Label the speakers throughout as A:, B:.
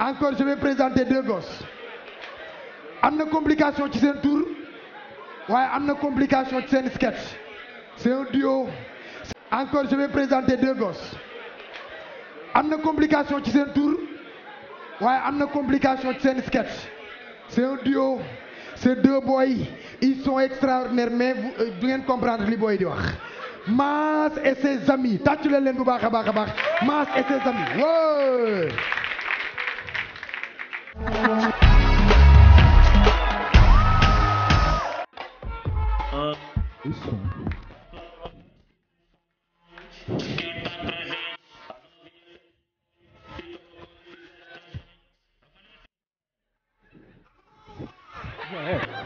A: encore je vais présenter deux gosses am na complication ci seen tour waaye am na complication ci seen sketch c'est un duo encore je vais présenter deux gosses am na complication ci seen tour waaye am na complication ci seen sketch c'est un duo ces deux boys ils sont extraordinaires mais euh, du ngeen comprendre li boy di wax Mass et ses amis tàccu leen leen bu baax a baax a baax Mass et ses amis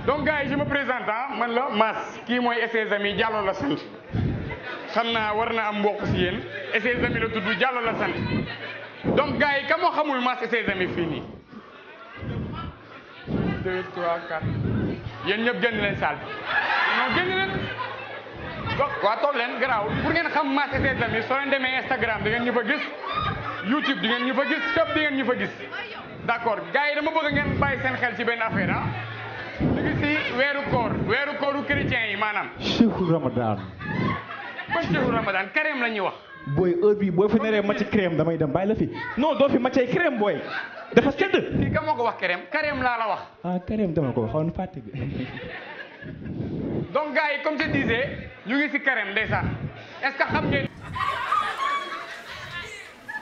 B: donc gars je me présente ah, man la Mass kii mooy ses amis Diallo la sant war na am mbokk si yéen ses amis la sant donc gars yi ka moo xamul Mass ses amis fii deux trois quatre yéen ñëpp génn leen salle bi non génn leen waa toog leen garaawul pour ngeen xam Massi Seye tamit soo leen demee Instagram di ngeen ñu fa gis YouTube di ñu fa gis fépp di ñu fa gis d'accord gars yi dama bëgg ngeen bàyyi seen xel ci benn affaire ah si weeru koor weeru kooru chrétien yi maanaam. Cheikhu Ramadan. ba Cheikhu Ramadan Karim la ñuy wax. booy heure bi boo fi neree ma ci crème damay dem bàyyi la fi non doo fi ma cay crème booy dafa sedd. fii ka moo ko wax crème crème laa la wax. ah crème dama ko xawoon fàtte bi. donc gars yi comme je disais ñu ngi si crème ndeysaan est-ce que xam ngeen.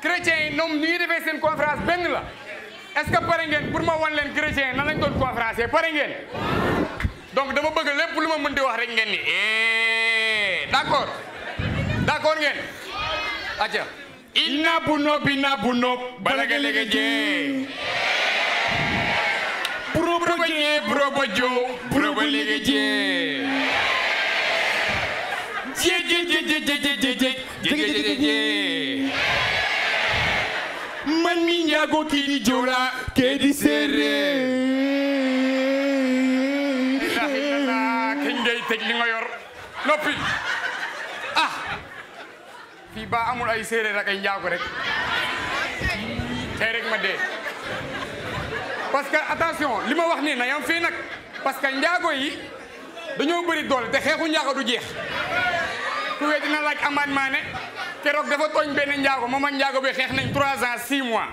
B: chrétiens yi ñoom ni ñuy defee seen conférence benn la est-ce que pare ngeen pour ma wan leen chrétiens yi nan lañ doon conférence pare ngeen. donc dama bëgg lépp lu ma mën di wax rek ngeen ni eh, d'accord d'accord ngeen. aca ina bunóob ina bunóob balaga léegi jee buróoba jee buróoba joo buróoba léegi jee jee jee jee jee jee jee jee jee jee man mi njaago kii di joola kee di séeréer la ilaha illallah kañ ngay tëj li nga yor noppi fii ba amul ay séeréer ak ay njaago rek tey rek ma dee parce que attention li ma wax nii na yam fii nag parce que njaago yi dañoo bëri doole te xeexu njaago du jeex ku wee laaj amaan maane ne keroog dafa tooñ benn njaago moom ak njaago bi xeex nañ trois ans six mois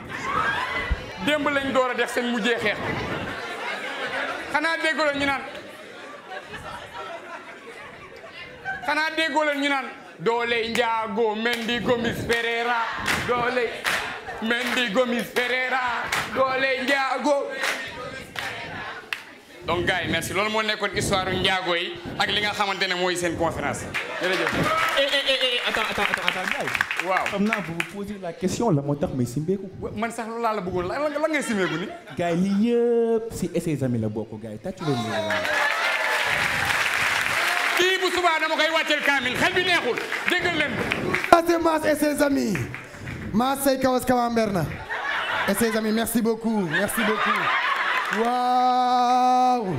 B: démb lañ door a def seen mujjee xeex xanaa déggoo la naan xanaa déggoo la naan dooley njaago mendi gomis ferera dooley mendi gomis ferera dooley njaago donc gars merci loolu moo nekkoon histoire njaago yi ak li nga xamante ne mooy seen conférence jërëjëf eh, eh, eh, attends attends attends Ndiaye waaw xam naa bu poser la question la moo tax may simbeeku man sax loolu laa la bëggoon la la ngay simbeeku ni gars yi lii yëpp si essais amis la bokk gars yi tàccu leen kii bu subaa dama koy wàcceel kaamil xel bi neexul déggal leen
A: ko. Mass et ses amis Mass say kawas kawamber na et ses amis merci beaucoup merci beaucoup waaw.